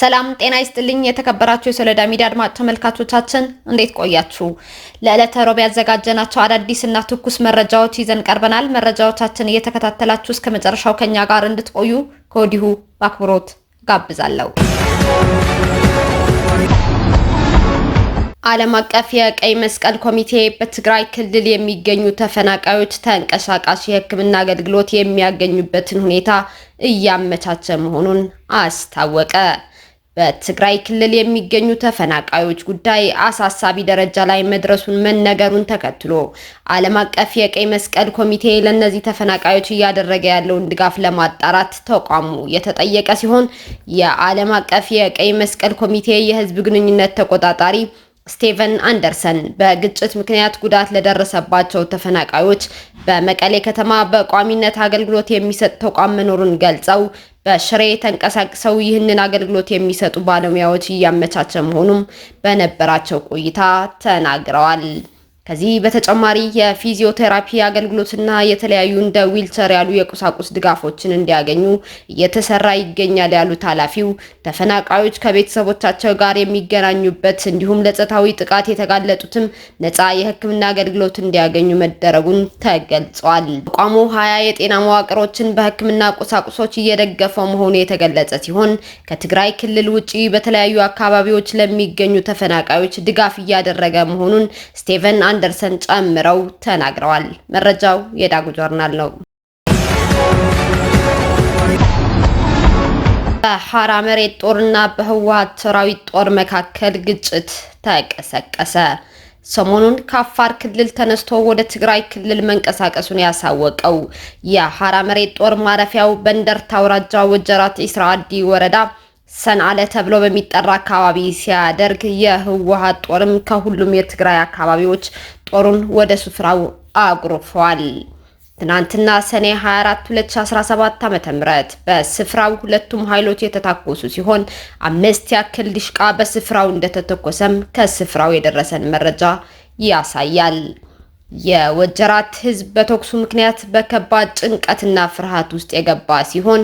ሰላም ጤና ይስጥልኝ። የተከበራችሁ የሶሎዳ ሚዲያ አድማጭ ተመልካቾቻችን እንዴት ቆያችሁ? ለዕለተ ሮብ ያዘጋጀናቸው አዳዲስ እና ትኩስ መረጃዎች ይዘን ቀርበናል። መረጃዎቻችን እየተከታተላችሁ እስከ መጨረሻው ከኛ ጋር እንድትቆዩ ከወዲሁ በአክብሮት ጋብዛለሁ። ዓለም አቀፍ የቀይ መስቀል ኮሚቴ በትግራይ ክልል የሚገኙ ተፈናቃዮች ተንቀሳቃሽ የሕክምና አገልግሎት የሚያገኙበትን ሁኔታ እያመቻቸ መሆኑን አስታወቀ። በትግራይ ክልል የሚገኙ ተፈናቃዮች ጉዳይ አሳሳቢ ደረጃ ላይ መድረሱን መነገሩን ተከትሎ ዓለም አቀፍ የቀይ መስቀል ኮሚቴ ለእነዚህ ተፈናቃዮች እያደረገ ያለውን ድጋፍ ለማጣራት ተቋሙ የተጠየቀ ሲሆን የዓለም አቀፍ የቀይ መስቀል ኮሚቴ የሕዝብ ግንኙነት ተቆጣጣሪ ስቴቨን አንደርሰን በግጭት ምክንያት ጉዳት ለደረሰባቸው ተፈናቃዮች በመቀሌ ከተማ በቋሚነት አገልግሎት የሚሰጥ ተቋም መኖሩን ገልጸው በሽሬ ተንቀሳቅሰው ይህንን አገልግሎት የሚሰጡ ባለሙያዎች እያመቻቸ መሆኑም በነበራቸው ቆይታ ተናግረዋል። ከዚህ በተጨማሪ የፊዚዮቴራፒ አገልግሎትና የተለያዩ እንደ ዊልቸር ያሉ የቁሳቁስ ድጋፎችን እንዲያገኙ እየተሰራ ይገኛል ያሉት ኃላፊው ተፈናቃዮች ከቤተሰቦቻቸው ጋር የሚገናኙበት እንዲሁም ለጾታዊ ጥቃት የተጋለጡትም ነፃ የሕክምና አገልግሎት እንዲያገኙ መደረጉን ተገልጿል። ተቋሙ ሀያ የጤና መዋቅሮችን በሕክምና ቁሳቁሶች እየደገፈ መሆኑ የተገለጸ ሲሆን ከትግራይ ክልል ውጪ በተለያዩ አካባቢዎች ለሚገኙ ተፈናቃዮች ድጋፍ እያደረገ መሆኑን ስቴቨን አንደርሰን ጨምረው ተናግረዋል። መረጃው የዳጉ ጆርናል ነው። በሐራ መሬት ጦርና በህወሓት ሰራዊት ጦር መካከል ግጭት ተቀሰቀሰ። ሰሞኑን ከአፋር ክልል ተነስቶ ወደ ትግራይ ክልል መንቀሳቀሱን ያሳወቀው የሐራ መሬት ጦር ማረፊያው በእንደርታ አውራጃ ወጀራት ኢስራ አዲ ወረዳ ሰንአለ ተብሎ በሚጠራ አካባቢ ሲያደርግ የህወሀት ጦርም ከሁሉም የትግራይ አካባቢዎች ጦሩን ወደ ስፍራው አጉርፏል። ትናንትና ሰኔ 24 2017 ዓ.ም በስፍራው ሁለቱም ኃይሎች የተታኮሱ ሲሆን አምስት ያክል ድሽቃ በስፍራው እንደተተኮሰም ከስፍራው የደረሰን መረጃ ያሳያል። የወጀራት ህዝብ በተኩሱ ምክንያት በከባድ ጭንቀትና ፍርሃት ውስጥ የገባ ሲሆን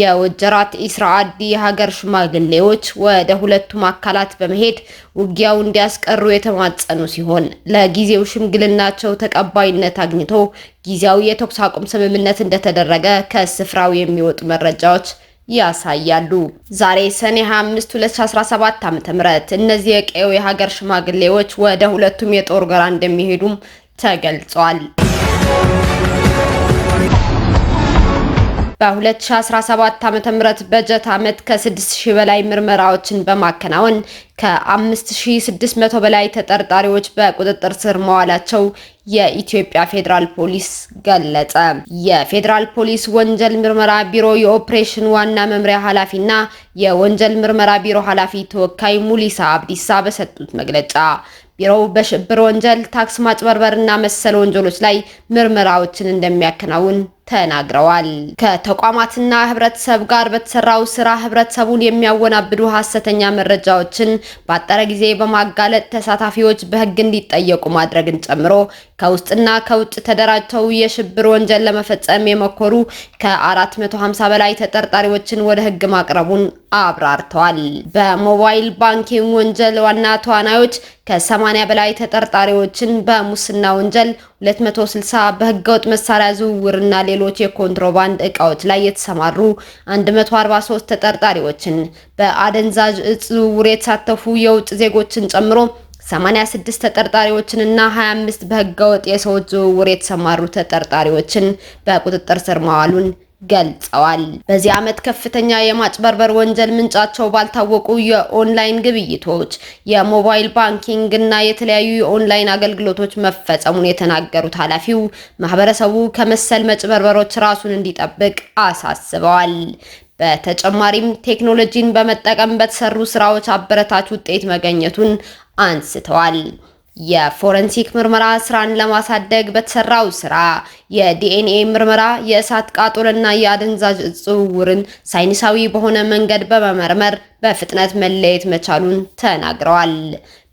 የወጀራት ኢስራ አዲ የሀገር ሽማግሌዎች ወደ ሁለቱም አካላት በመሄድ ውጊያው እንዲያስቀሩ የተማጸኑ ሲሆን ለጊዜው ሽምግልናቸው ተቀባይነት አግኝቶ ጊዜያዊ የተኩስ አቁም ስምምነት እንደተደረገ ከስፍራው የሚወጡ መረጃዎች ያሳያሉ። ዛሬ ሰኔ 25 2017 ዓ.ም እነዚህ የቀዬው የሀገር ሽማግሌዎች ወደ ሁለቱም የጦር ጎራ እንደሚሄዱም ተገልጿል። በ2017 ዓ ም በጀት ዓመት ከ6000 በላይ ምርመራዎችን በማከናወን ከ5600 በላይ ተጠርጣሪዎች በቁጥጥር ስር መዋላቸው የኢትዮጵያ ፌዴራል ፖሊስ ገለጸ። የፌዴራል ፖሊስ ወንጀል ምርመራ ቢሮ የኦፕሬሽን ዋና መምሪያ ኃላፊና የወንጀል ምርመራ ቢሮ ኃላፊ ተወካይ ሙሊሳ አብዲሳ በሰጡት መግለጫ ቢሮው በሽብር ወንጀል፣ ታክስ ማጭበርበርና መሰል ወንጀሎች ላይ ምርመራዎችን እንደሚያከናውን ተናግረዋል። ከተቋማትና ህብረተሰብ ጋር በተሰራው ስራ ህብረተሰቡን የሚያወናብዱ ሀሰተኛ መረጃዎችን ባጠረ ጊዜ በማጋለጥ ተሳታፊዎች በህግ እንዲጠየቁ ማድረግን ጨምሮ ከውስጥና ከውጭ ተደራጅተው የሽብር ወንጀል ለመፈጸም የመኮሩ ከ450 በላይ ተጠርጣሪዎችን ወደ ህግ ማቅረቡን አብራርተዋል። በሞባይል ባንኪንግ ወንጀል ዋና ተዋናዮች ከ80 በላይ ተጠርጣሪዎችን በሙስና ወንጀል 260 በህገወጥ መሳሪያ ዝውውርና ሌሎች የኮንትሮባንድ እቃዎች ላይ የተሰማሩ 143 ተጠርጣሪዎችን በአደንዛዥ እጽ ዝውውር የተሳተፉ የውጭ ዜጎችን ጨምሮ 86 ተጠርጣሪዎችንና 25 በህገወጥ የሰዎች ዝውውር የተሰማሩ ተጠርጣሪዎችን በቁጥጥር ስር መዋሉን። ገልጸዋል። በዚህ ዓመት ከፍተኛ የማጭበርበር ወንጀል ምንጫቸው ባልታወቁ የኦንላይን ግብይቶች፣ የሞባይል ባንኪንግ እና የተለያዩ የኦንላይን አገልግሎቶች መፈጸሙን የተናገሩት ኃላፊው ማህበረሰቡ ከመሰል መጭበርበሮች ራሱን እንዲጠብቅ አሳስበዋል። በተጨማሪም ቴክኖሎጂን በመጠቀም በተሰሩ ስራዎች አበረታች ውጤት መገኘቱን አንስተዋል። የፎረንሲክ ምርመራ ስራን ለማሳደግ በተሰራው ስራ የዲኤንኤ ምርመራ የእሳት ቃጠሎና የአደንዛዥ እጽ ዝውውርን ሳይንሳዊ በሆነ መንገድ በመመርመር በፍጥነት መለየት መቻሉን ተናግረዋል።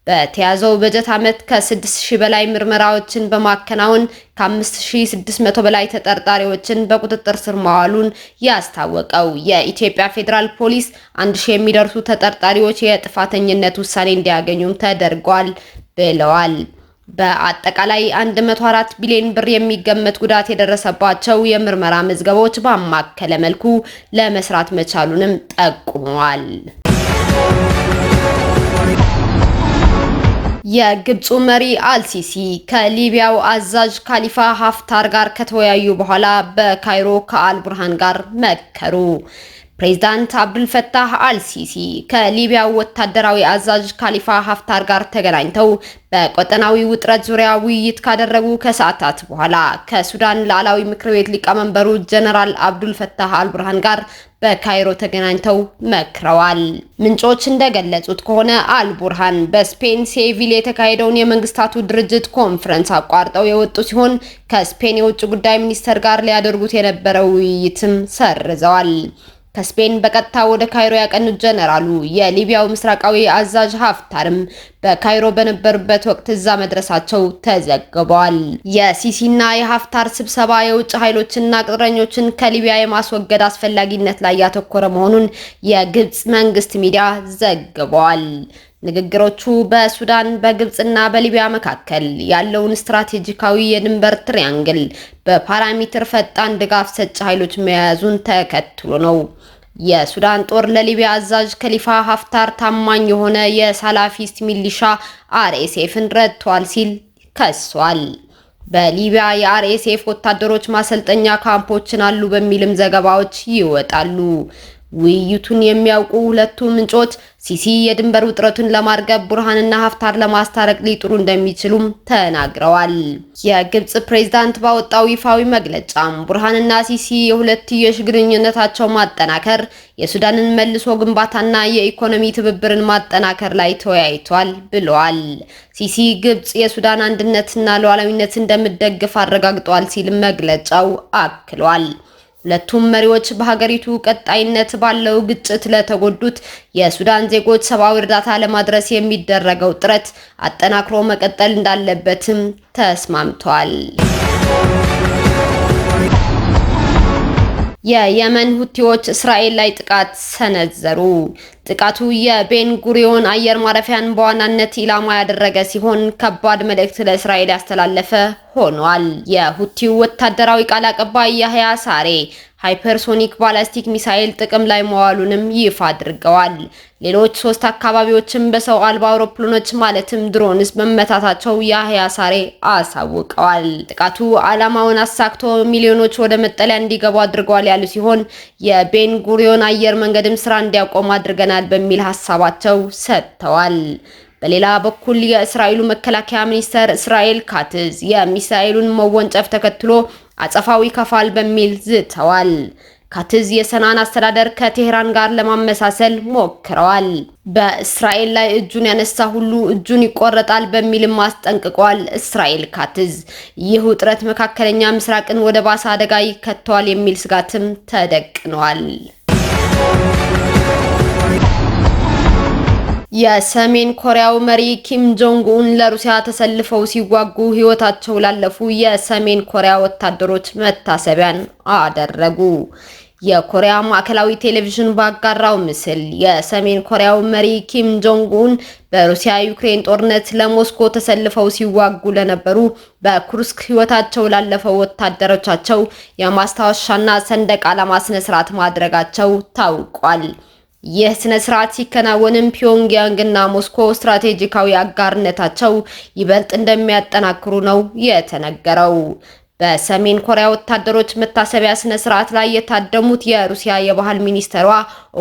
በተያዘው በጀት ዓመት ከ6000 በላይ ምርመራዎችን በማከናወን ከ5600 በላይ ተጠርጣሪዎችን በቁጥጥር ስር ማዋሉን ያስታወቀው የኢትዮጵያ ፌዴራል ፖሊስ 1000 የሚደርሱ ተጠርጣሪዎች የጥፋተኝነት ውሳኔ እንዲያገኙም ተደርጓል። ብለዋል። በአጠቃላይ 104 ቢሊዮን ብር የሚገመት ጉዳት የደረሰባቸው የምርመራ መዝገቦች ባማከለ መልኩ ለመስራት መቻሉንም ጠቁመዋል። የግብፁ መሪ አልሲሲ ከሊቢያው አዛዥ ካሊፋ ሀፍታር ጋር ከተወያዩ በኋላ በካይሮ ከአልቡርሃን ጋር መከሩ። ፕሬዝዳንት አብዱልፈታህ አልሲሲ ከሊቢያ ወታደራዊ አዛዥ ካሊፋ ሀፍታር ጋር ተገናኝተው በቀጠናዊ ውጥረት ዙሪያ ውይይት ካደረጉ ከሰዓታት በኋላ ከሱዳን ሉዓላዊ ምክር ቤት ሊቀመንበሩ ጀነራል አብዱልፈታህ አልቡርሃን ጋር በካይሮ ተገናኝተው መክረዋል። ምንጮች እንደገለጹት ከሆነ አልቡርሃን በስፔን ሴቪል የተካሄደውን የመንግስታቱ ድርጅት ኮንፈረንስ አቋርጠው የወጡ ሲሆን ከስፔን የውጭ ጉዳይ ሚኒስተር ጋር ሊያደርጉት የነበረው ውይይትም ሰርዘዋል። ከስፔን በቀጥታ ወደ ካይሮ ያቀኑት ጀነራሉ የሊቢያው ምስራቃዊ አዛዥ ሀፍታርም በካይሮ በነበሩበት ወቅት እዛ መድረሳቸው ተዘግቧል። የሲሲና የሀፍታር ስብሰባ የውጭ ኃይሎችና ቅጥረኞችን ከሊቢያ የማስወገድ አስፈላጊነት ላይ ያተኮረ መሆኑን የግብጽ መንግስት ሚዲያ ዘግቧል። ንግግሮቹ በሱዳን በግብፅና በሊቢያ መካከል ያለውን ስትራቴጂካዊ የድንበር ትሪያንግል በፓራሜትር ፈጣን ድጋፍ ሰጪ ኃይሎች መያዙን ተከትሎ ነው። የሱዳን ጦር ለሊቢያ አዛዥ ከሊፋ ሀፍታር ታማኝ የሆነ የሳላፊስት ሚሊሻ አርኤስኤፍን ረድቷል ሲል ከሷል። በሊቢያ የአርኤስኤፍ ወታደሮች ማሰልጠኛ ካምፖችን አሉ በሚልም ዘገባዎች ይወጣሉ። ውይይቱን የሚያውቁ ሁለቱ ምንጮች ሲሲ የድንበር ውጥረቱን ለማርገብ ቡርሃንና ሀፍታር ለማስታረቅ ሊጥሩ እንደሚችሉም ተናግረዋል። የግብጽ ፕሬዝዳንት ባወጣው ይፋዊ መግለጫም ቡርሃንና ሲሲ የሁለትዮሽ ግንኙነታቸው ማጠናከር፣ የሱዳንን መልሶ ግንባታና የኢኮኖሚ ትብብርን ማጠናከር ላይ ተወያይቷል ብለዋል። ሲሲ ግብጽ የሱዳን አንድነትና ሉዓላዊነት እንደምደግፍ አረጋግጧል ሲል መግለጫው አክሏል። ሁለቱም መሪዎች በሀገሪቱ ቀጣይነት ባለው ግጭት ለተጎዱት የሱዳን ዜጎች ሰብአዊ እርዳታ ለማድረስ የሚደረገው ጥረት አጠናክሮ መቀጠል እንዳለበትም ተስማምተዋል። የየመን ሁቲዎች እስራኤል ላይ ጥቃት ሰነዘሩ። ጥቃቱ የቤን ጉሪዮን አየር ማረፊያን በዋናነት ኢላማ ያደረገ ሲሆን ከባድ መልእክት ለእስራኤል ያስተላለፈ ሆኗል። የሁቲው ወታደራዊ ቃል አቀባይ ያህያ ሳሬ ሃይፐርሶኒክ ባላስቲክ ሚሳኤል ጥቅም ላይ መዋሉንም ይፋ አድርገዋል። ሌሎች ሶስት አካባቢዎችም በሰው አልባ አውሮፕላኖች ማለትም ድሮንስ መመታታቸው ያህያ ሳሬ አሳውቀዋል። ጥቃቱ ዓላማውን አሳክቶ ሚሊዮኖች ወደ መጠለያ እንዲገቡ አድርገዋል ያሉ ሲሆን የቤን ጉሪዮን አየር መንገድም ስራ እንዲያቆም አድርገናል ይሆናል በሚል ሀሳባቸው ሰጥተዋል። በሌላ በኩል የእስራኤሉ መከላከያ ሚኒስተር እስራኤል ካትዝ የሚሳኤሉን መወንጨፍ ተከትሎ አጸፋው ይከፋል በሚል ዝተዋል። ካትዝ የሰናን አስተዳደር ከቴህራን ጋር ለማመሳሰል ሞክረዋል። በእስራኤል ላይ እጁን ያነሳ ሁሉ እጁን ይቆረጣል በሚልም አስጠንቅቋል። እስራኤል ካትዝ ይህ ውጥረት መካከለኛ ምስራቅን ወደ ባሰ አደጋ ይከተዋል የሚል ስጋትም ተደቅኗል። የሰሜን ኮሪያው መሪ ኪም ጆንግ ኡን ለሩሲያ ተሰልፈው ሲዋጉ ህይወታቸው ላለፉ የሰሜን ኮሪያ ወታደሮች መታሰቢያን አደረጉ። የኮሪያ ማዕከላዊ ቴሌቪዥን ባጋራው ምስል የሰሜን ኮሪያው መሪ ኪም ጆንግ ኡን በሩሲያ ዩክሬን ጦርነት ለሞስኮ ተሰልፈው ሲዋጉ ለነበሩ በኩርስክ ህይወታቸው ላለፈው ወታደሮቻቸው የማስታወሻና ሰንደቅ ዓላማ ስነስርዓት ማድረጋቸው ታውቋል። ይህ ስነ ስርዓት ሲከናወንም ፒዮንግያንግና ሞስኮ ስትራቴጂካዊ አጋርነታቸው ይበልጥ እንደሚያጠናክሩ ነው የተነገረው። በሰሜን ኮሪያ ወታደሮች መታሰቢያ ስነ ስርዓት ላይ የታደሙት የሩሲያ የባህል ሚኒስትሯ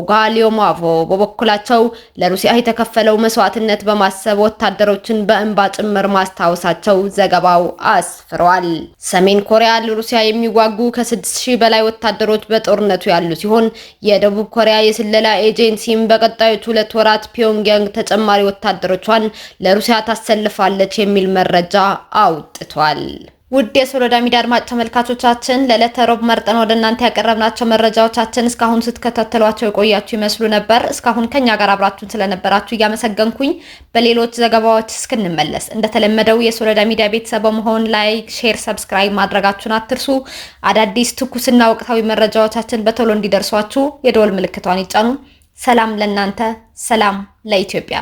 ኦጋ ሊዮማቮ በበኩላቸው ለሩሲያ የተከፈለው መስዋዕትነት በማሰብ ወታደሮችን በእንባ ጭምር ማስታወሳቸው ዘገባው አስፍሯል። ሰሜን ኮሪያ ለሩሲያ የሚዋጉ ከ6000 በላይ ወታደሮች በጦርነቱ ያሉ ሲሆን የደቡብ ኮሪያ የስለላ ኤጀንሲም በቀጣዮቹ ሁለት ወራት ፒዮንግያንግ ተጨማሪ ወታደሮቿን ለሩሲያ ታሰልፋለች የሚል መረጃ አውጥቷል። ውድ የሶሎዳ ሚዲያ አድማጭ ተመልካቾቻችን ለዕለተ ሮብ መርጠን ወደ እናንተ ያቀረብናቸው መረጃዎቻችን እስካሁን ስትከታተሏቸው የቆያችሁ ይመስሉ ነበር። እስካሁን ከኛ ጋር አብራችሁን ስለነበራችሁ እያመሰገንኩኝ በሌሎች ዘገባዎች እስክንመለስ እንደተለመደው የሶሎዳ ሚዲያ ቤተሰብ በመሆን ላይክ፣ ሼር፣ ሰብስክራይብ ማድረጋችሁን አትርሱ። አዳዲስ ትኩስና ወቅታዊ መረጃዎቻችን በቶሎ እንዲደርሷችሁ የደወል ምልክቷን ይጫኑ። ሰላም ለእናንተ፣ ሰላም ለኢትዮጵያ።